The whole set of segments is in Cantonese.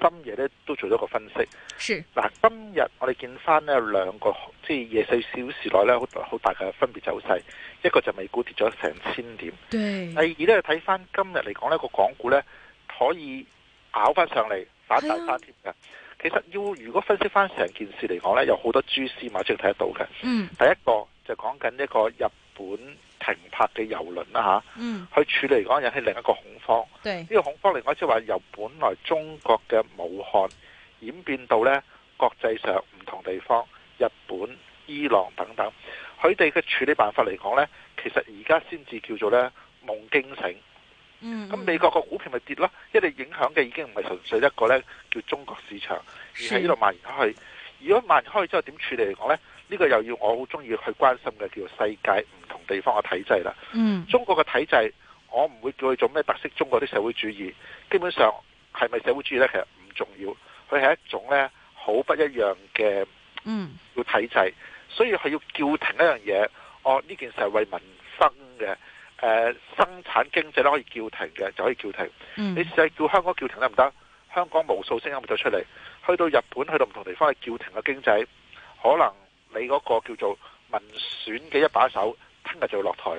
深夜咧都做咗個分析。是。嗱，今日我哋見翻呢兩個，即係夜四小時內呢，好大好大嘅分別走勢。一個就美股跌咗成千點。對。第二咧，睇翻今日嚟講呢個港股呢，可以跑翻上嚟反彈翻添嘅。其實要如果分析翻成件事嚟講呢，有好多蛛絲馬跡睇得到嘅。嗯。第一個就講緊一個日本。停泊嘅遊輪啦吓，去處理嚟講，引起另一個恐慌。呢、這個恐慌嚟講即係話由本來中國嘅武漢演變到呢國際上唔同地方，日本、伊朗等等，佢哋嘅處理辦法嚟講呢，其實而家先至叫做呢夢驚醒。咁、嗯、美國個股票咪跌咯，因為影響嘅已經唔係純粹一個呢叫中國市場，而喺呢度蔓延開去。如果蔓延開去之後點處理嚟講呢？呢、這個又要我好中意去關心嘅，叫做世界唔同地方嘅體制啦。嗯，中國嘅體制，我唔會叫佢做咩特色中國啲社會主義，基本上係咪社會主義咧？其實唔重要。佢係一種咧好不一樣嘅嗯個體制，所以係要叫停一樣嘢。哦，呢件事係為民生嘅，誒、呃、生產經濟咧可以叫停嘅就可以叫停。嗯，你試下叫香港叫停得唔得？香港無數聲音咪出嚟，去到日本去到唔同地方去叫停嘅經濟可能。你嗰個叫做民選嘅一把手，聽日就落台。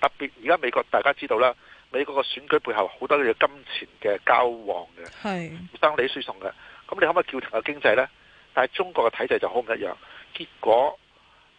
特別而家美國，大家知道啦，美國嘅選舉背後好多嘅金錢嘅交往嘅，心理輸送嘅。咁你可唔可以叫停個經濟呢？但係中國嘅體制就好唔一樣。結果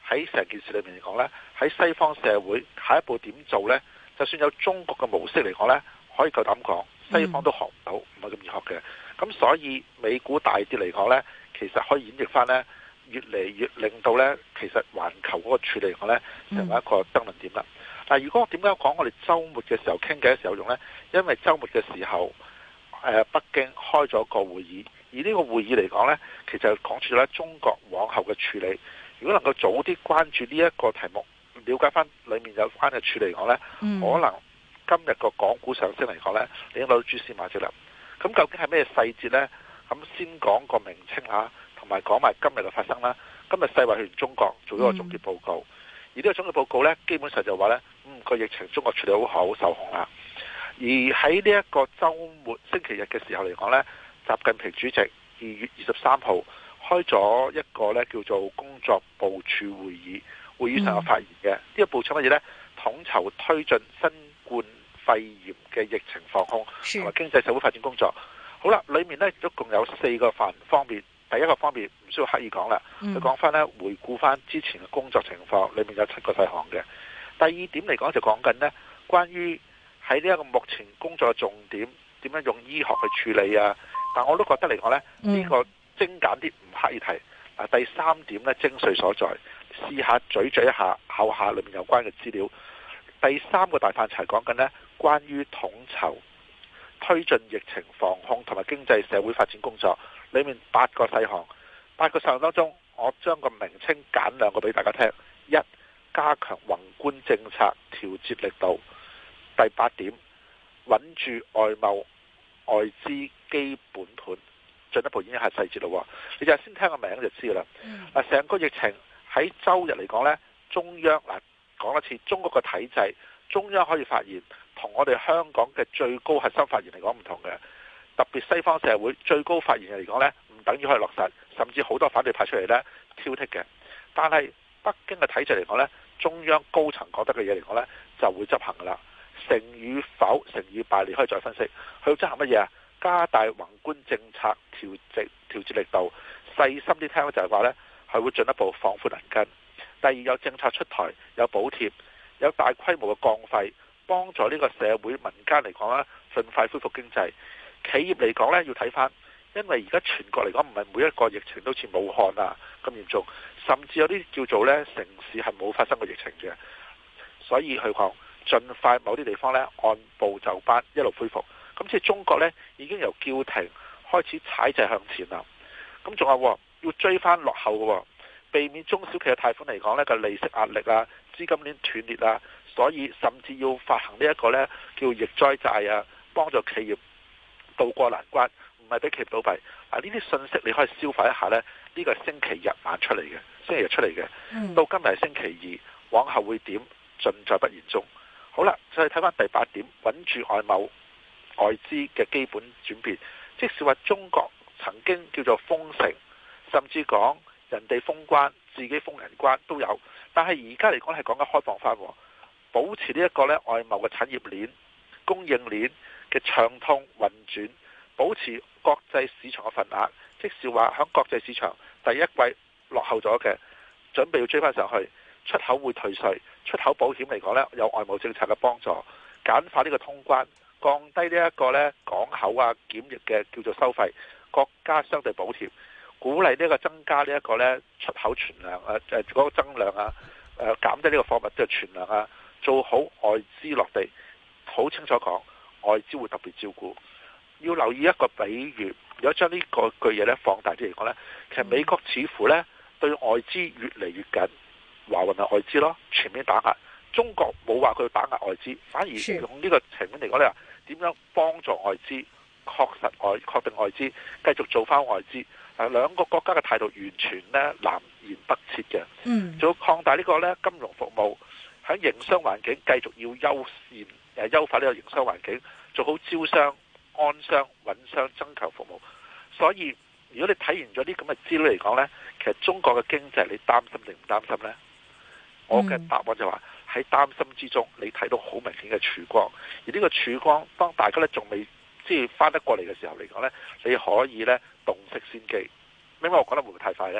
喺成件事裏面嚟講呢，喺西方社會下一步點做呢？就算有中國嘅模式嚟講呢，可以夠膽講西方都學唔到，唔係咁易學嘅。咁所以美股大跌嚟講呢，其實可以演繹翻呢。越嚟越令到呢，其實環球嗰個處理我呢，成為一個爭論點啦。但如果我點解講我哋週末嘅時候傾偈嘅時候用呢？因為週末嘅時候，北京開咗個會議，而呢個會議嚟講呢，其實講住呢中國往後嘅處理。如果能夠早啲關注呢一個題目，瞭解翻裏面有關嘅處理講呢，嗯，可能今日個港股上升嚟講呢，你應該到蛛絲馬跡啦。咁究竟係咩細節呢？咁先講個名稱下，啊。同埋講埋今日嘅發生啦。今日世衛去完中國做咗個總結報告，嗯、而呢個總結報告呢，基本上就話呢，嗯，個疫情中國處理好，好受控啦。而喺呢一個週末星期日嘅時候嚟講呢，習近平主席二月二十三號開咗一個呢叫做工作部署會議，會議上有發言嘅。呢、嗯、個部署乜嘢呢？統籌推進新冠肺炎嘅疫情防控同埋經濟社會發展工作。好啦，裏面呢，一共有四個範方面。喺一個方面唔需要刻意講啦，佢講翻咧回顧翻之前嘅工作情況，裏面有七個細項嘅。第二點嚟講就講緊呢，關於喺呢一個目前工作嘅重點，點樣用醫學去處理啊？但我都覺得嚟講呢，呢、這個精簡啲唔刻意提。啊，第三點呢，精髓所在，試下咀嚼一下口下裏面有關嘅資料。第三個大範疇係講緊咧，關於統籌推進疫情防控同埋經濟社會發展工作。裏面八個細項，八個細項當中，我將個名稱揀兩個俾大家聽。一加強宏觀政策調節力度，第八點穩住外貿外資基本盤，進一步演一下細節咯。你就先聽個名就知啦。嗱、嗯，成個疫情喺周日嚟講呢，中央嗱講一次，中國嘅體制，中央可以發言同我哋香港嘅最高核心發言嚟講唔同嘅。特別西方社會最高發言人嚟講呢，唔等於可以落實，甚至好多反對派出嚟挑剔嘅。但係北京嘅體制嚟講呢，中央高層覺得嘅嘢嚟講呢，就會執行㗎啦。成與否、成與敗，你可以再分析。佢要執行乜嘢啊？加大宏觀政策調節，調節力度，細心啲聽就係話呢，係會進一步放寬銀根。第二有政策出台，有補貼，有大規模嘅降費，幫助呢個社會民間嚟講呢，盡快恢復經濟。企業嚟講呢，要睇翻，因為而家全國嚟講，唔係每一個疫情都似武漢啊咁嚴重，甚至有啲叫做呢城市係冇發生過疫情嘅，所以佢講盡快某啲地方呢，按部就班，一路恢復。咁即係中國呢，已經由叫停開始踩掣向前啦。咁仲有要追翻落後嘅，避免中小企嘅貸款嚟講呢個利息壓力啊、資金鏈斷裂啊，所以甚至要發行呢一個呢，叫疫災債啊，幫助企業渡過難關，唔係俾佢倒閉。啊，呢啲信息你可以消化一下呢呢、呢個係星期日晚出嚟嘅，星期日出嚟嘅。到今日星期二，往後會點，盡在不言中。好啦，再睇翻第八點，穩住外貿外資嘅基本轉變。即是話中國曾經叫做封城，甚至講人哋封關，自己封人關都有。但係而家嚟講係講緊開放翻，保持呢一個呢外貿嘅產業鏈。供應鏈嘅暢通運轉，保持國際市場嘅份額，即是話響國際市場第一季落後咗嘅，準備要追翻上去。出口會退稅，出口保險嚟講咧，有外貿政策嘅幫助，簡化呢個通關降低呢一個咧港口啊、檢疫嘅叫做收費國家相對補貼鼓勵呢一個增加呢一個咧出口存量啊、誒嗰個增量啊誒減低呢個貨物即係存量啊，做好外資落地。好清楚講，外資會特別照顧。要留意一個比喻，如果將呢個句嘢咧放大啲嚟講咧，其實美國似乎咧對外資越嚟越緊，華為係外資咯，全面打壓。中國冇話佢打壓外資，反而用呢個層面嚟講，你話點樣幫助外資，確實外確定外資繼續做翻外資。係兩個國家嘅態度完全咧南轅北轍嘅。嗯，仲要擴大呢個咧金融服務，喺營商環境繼續要優先。誒優化呢個營商環境，做好招商、安商、穩商、增強服務。所以，如果你睇完咗啲咁嘅資料嚟講呢，其實中國嘅經濟你擔心定唔擔心呢？我嘅答案就話、是、喺擔心之中，你睇到好明顯嘅曙光。而呢個曙光，當大家呢仲未即係翻得過嚟嘅時候嚟講呢，你可以呢洞悉先機。咁樣我講得會唔會太快呢？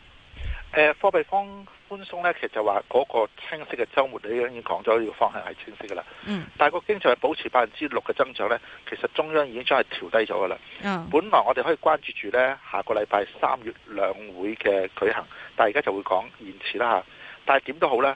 誒貨幣方寬鬆咧，其實就話嗰個清晰嘅週末，你已經講咗呢個方向係清晰嘅啦。嗯。但係個經濟係保持百分之六嘅增長咧，其實中央已經將係調低咗嘅啦。嗯。本來我哋可以關注住咧，下個禮拜三月兩會嘅舉行，但係而家就會講延遲啦嚇。但係點都好咧，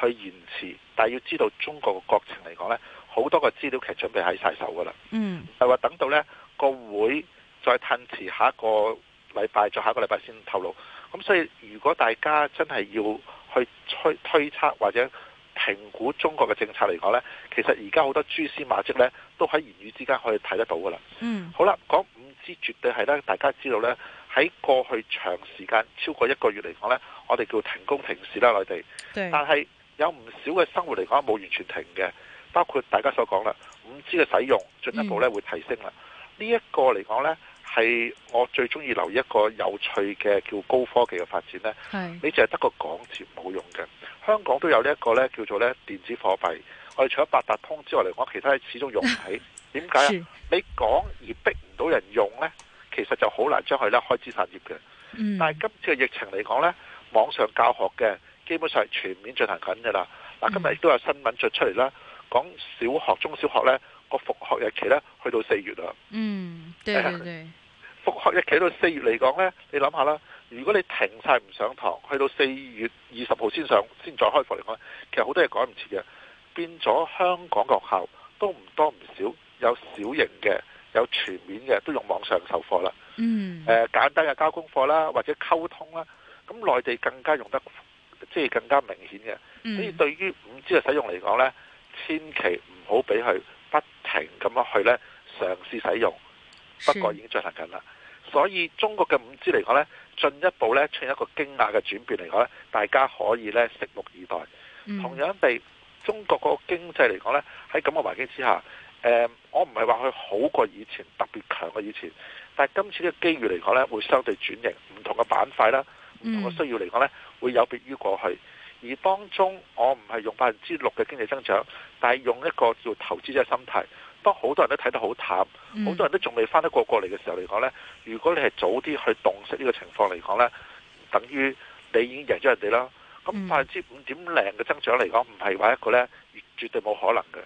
去延遲，但係要知道中國嘅國情嚟講咧，好多個資料其實準備喺曬手嘅啦。嗯。係話等到咧個會再褪遲下一個禮拜，再下一個禮拜先透露。咁所以如果大家真係要去推推測或者評估中國嘅政策嚟講呢，其實而家好多蛛絲馬跡呢都喺言語之間可以睇得到㗎啦。嗯。好啦，講五 G 絕對係咧，大家知道呢，喺過去長時間超過一個月嚟講呢，我哋叫停工停市啦，內地。對。但係有唔少嘅生活嚟講冇完全停嘅，包括大家所講啦，五 G 嘅使用進一步呢、嗯、會提升啦。呢、這、一個嚟講呢。係我最中意留意一個有趣嘅叫高科技嘅發展呢，你淨係得個講字冇用嘅。香港都有呢一個咧叫做咧電子貨幣，我哋除咗八達通之外嚟講，其他始終用唔起。點解啊？你講而逼唔到人用呢，其實就好難將佢咧開枝散葉嘅、嗯。但係今次嘅疫情嚟講呢，網上教學嘅基本上係全面進行緊嘅啦。嗱，今日亦都有新聞出出嚟啦，講小學、中小學呢個復學日期呢，去到四月啦。嗯，對對對哎復學一期到四月嚟講呢，你諗下啦，如果你停晒唔上堂，去到四月二十號先上，先再開課嚟講，其實好多嘢趕唔切嘅，變咗香港學校都唔多唔少有小型嘅，有全面嘅都用網上授課啦。嗯、mm. 呃。誒簡單嘅交功課啦，或者溝通啦。咁內地更加用得，即係更加明顯嘅。所以對於五 G 嘅使用嚟講呢，千祈唔好俾佢不停咁樣去呢，嘗試使用。不過已經進行緊啦，所以中國嘅五 G 嚟講呢進一步呢出現一個驚訝嘅轉變嚟講呢，大家可以呢拭目以待。同樣地，中國個經濟嚟講呢喺咁嘅環境之下、呃，我唔係話佢好過以前，特別強過以前，但係今次嘅機遇嚟講呢會相對轉型，唔同嘅板塊啦，唔同嘅需要嚟講呢會有別於過去。而當中我唔係用百分之六嘅經濟增長，但係用一個叫投資者的心態。當好多人都睇得好淡，好、嗯、多人都仲未翻得過過嚟嘅時候嚟講呢。如果你係早啲去洞悉呢個情況嚟講呢，等於你已經贏咗人哋啦。咁、嗯、百分之五點零嘅增長嚟講，唔係話一個呢絕對冇可能嘅。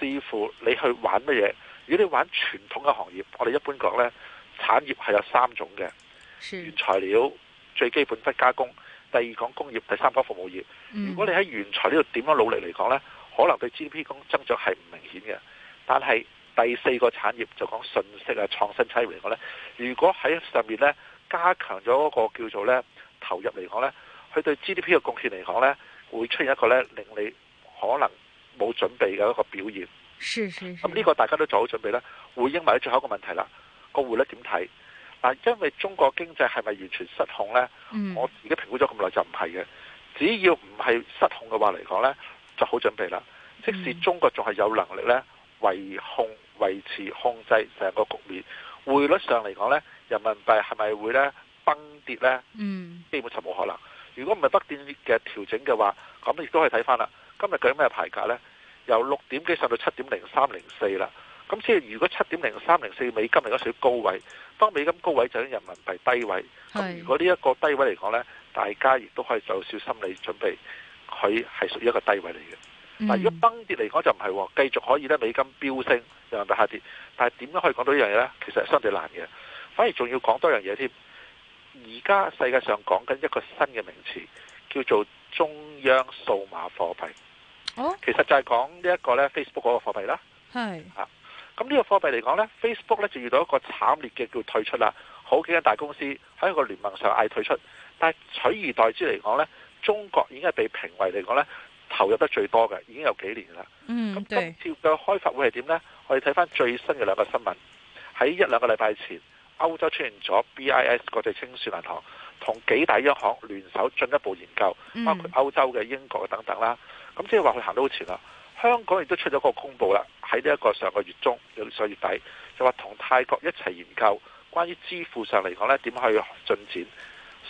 視乎你去玩乜嘢。如果你玩傳統嘅行業，我哋一般講呢，產業係有三種嘅，原材料、最基本不加工，第二講工業，第三講，第三講服務業。嗯、如果你喺原材料度點樣努力嚟講呢，可能對 GDP 增增長係唔明顯嘅。但係第四個產業就講信息啊、創新差嚟講呢。如果喺上面呢加強咗嗰個叫做呢投入嚟講呢，佢對 GDP 嘅貢獻嚟講呢，會出現一個呢令你可能冇準備嘅一個表現。咁呢個大家都做好準備啦，回應埋最後一個問題啦，個匯率點睇？嗱，因為中國經濟係咪完全失控呢？嗯、我而家評估咗咁耐就唔係嘅。只要唔係失控嘅話嚟講呢，就好準備啦。即使中國仲係有能力呢。維控維持控制成個局面，匯率上嚟講呢，人民幣係咪會咧崩跌呢？嗯，基本上就冇可能。如果唔係不斷嘅調整嘅話，咁亦都可以睇翻啦。今日究竟咩牌價呢？由六點幾上到七點零三零四啦。咁即係如果七點零三零四美金係屬於高位，當美金高位就係人民幣低位。咁如果呢一個低位嚟講呢，大家亦都可以做少心理準備，佢係屬於一個低位嚟嘅。嗱，如果崩跌嚟講就唔係喎，繼續可以咧美金飆升，又唔大下跌。但係點樣可以講到呢樣嘢呢？其實係相對難嘅，反而仲要講多樣嘢添。而家世界上講緊一個新嘅名詞，叫做中央數碼貨幣。哦，其實就係講呢一個呢 Facebook 嗰個貨幣啦。係啊，咁呢個貨幣嚟講呢 Facebook 呢就遇到一個慘烈嘅叫退出啦。好幾間大公司喺一個聯盟上嗌退出，但係取而代之嚟講呢，中國已經係被評為嚟講呢。投入得最多嘅，已經有幾年啦。咁、嗯、今次嘅開發會係點呢？我哋睇翻最新嘅兩個新聞，喺一兩個禮拜前，歐洲出現咗 BIS 國際清算銀行同幾大央行聯手進一步研究，包括歐洲嘅英國等等啦。咁即係話佢行到好前啦。香港亦都出咗個公佈啦，喺呢一個上個月中到上個月底，就話同泰國一齊研究關於支付上嚟講呢點去進展。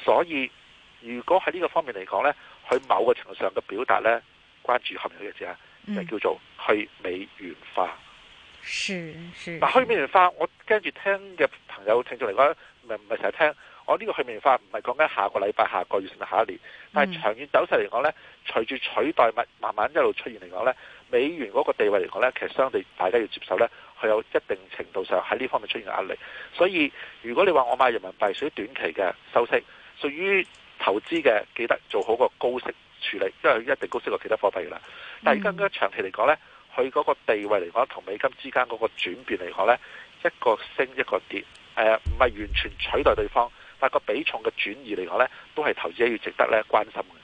所以如果喺呢個方面嚟講呢。去某個程度上嘅表達呢，關注含水嘅字啊，就是、叫做去美元化。是，是。嗱，去美元化，我跟住聽嘅朋友聽眾嚟講，唔係唔係成日聽。我呢個去美元化唔係講緊下個禮拜、下個月甚至下一年，但係長遠走勢嚟講呢，嗯、隨住取代物慢慢一路出現嚟講呢，美元嗰個地位嚟講呢，其實相對大家要接受呢，佢有一定程度上喺呢方面出現嘅壓力。所以如果你話我買人民幣屬於短期嘅收息，屬於。投資嘅記得做好個高息處理，因為一定高息過其他貨幣啦。但係而家長期嚟講呢，佢嗰個地位嚟講，同美金之間嗰個轉變嚟講呢，一個升一個跌，誒唔係完全取代對方，但個比重嘅轉移嚟講呢，都係投資者要值得咧關心嘅。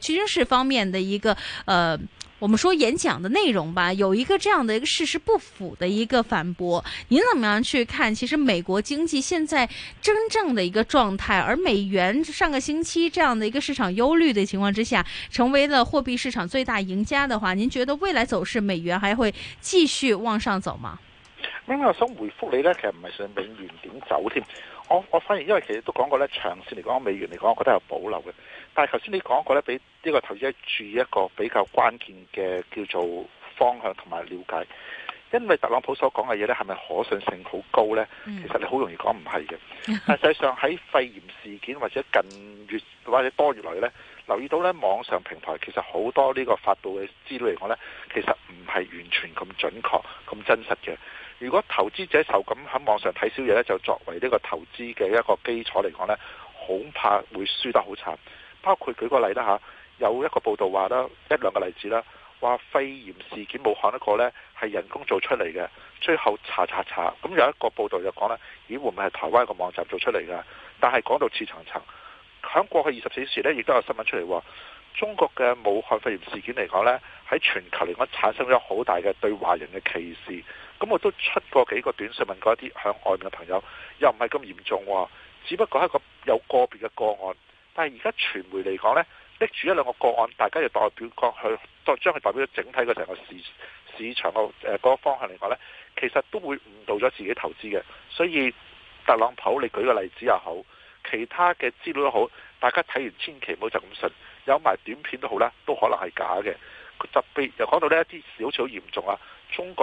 軍事方面的一個呃，我們說演講的內容吧，有一個這樣的一個事實不符的一個反駁。您怎麼樣去看？其實美國經濟現在真正的一個狀態，而美元上個星期這樣的一個市場憂慮的情況之下，成為了貨幣市場最大贏家的話，您覺得未來走勢美元還會繼續往上走嗎？因為我想回復你呢，其實唔係想美元點走添，我我發現因為其實都講過咧，長線嚟講美元嚟講，我覺得有保留嘅。但係頭先你講過咧，俾呢個投資者注意一個比較關鍵嘅叫做方向同埋了解，因為特朗普所講嘅嘢咧，係咪可信性好高呢？其實你好容易講唔係嘅。實際上喺肺炎事件或者近月或者多月來呢，留意到呢網上平台其實好多呢個發布嘅資料嚟講呢，其實唔係完全咁準確、咁真實嘅。如果投資者就咁喺網上睇消息呢，就作為呢個投資嘅一個基礎嚟講呢，恐怕會輸得好慘。包括舉個例啦嚇，有一個報道話啦，一兩個例子啦，話肺炎事件武漢一個呢係人工做出嚟嘅，最後查查查，咁有一個報道就講啦，咦會唔會係台灣一個網站做出嚟㗎？但係講到似層層，響過去二十四時呢，亦都有新聞出嚟話，中國嘅武漢肺炎事件嚟講呢，喺全球嚟講產生咗好大嘅對華人嘅歧視。咁我都出過幾個短訊問過一啲向外面嘅朋友，又唔係咁嚴重喎，只不過係一個有個別嘅個案。但係而家傳媒嚟講呢，拎住一兩個個案，大家就代表過去，都將佢代表咗整體嘅成個市市場的個方向嚟講呢，其實都會誤導咗自己投資嘅。所以特朗普你舉個例子又好，其他嘅資料都好，大家睇完千祈唔好就咁信。有埋短片都好啦，都可能係假嘅。特別又講到呢一啲小事好嚴重啊，中。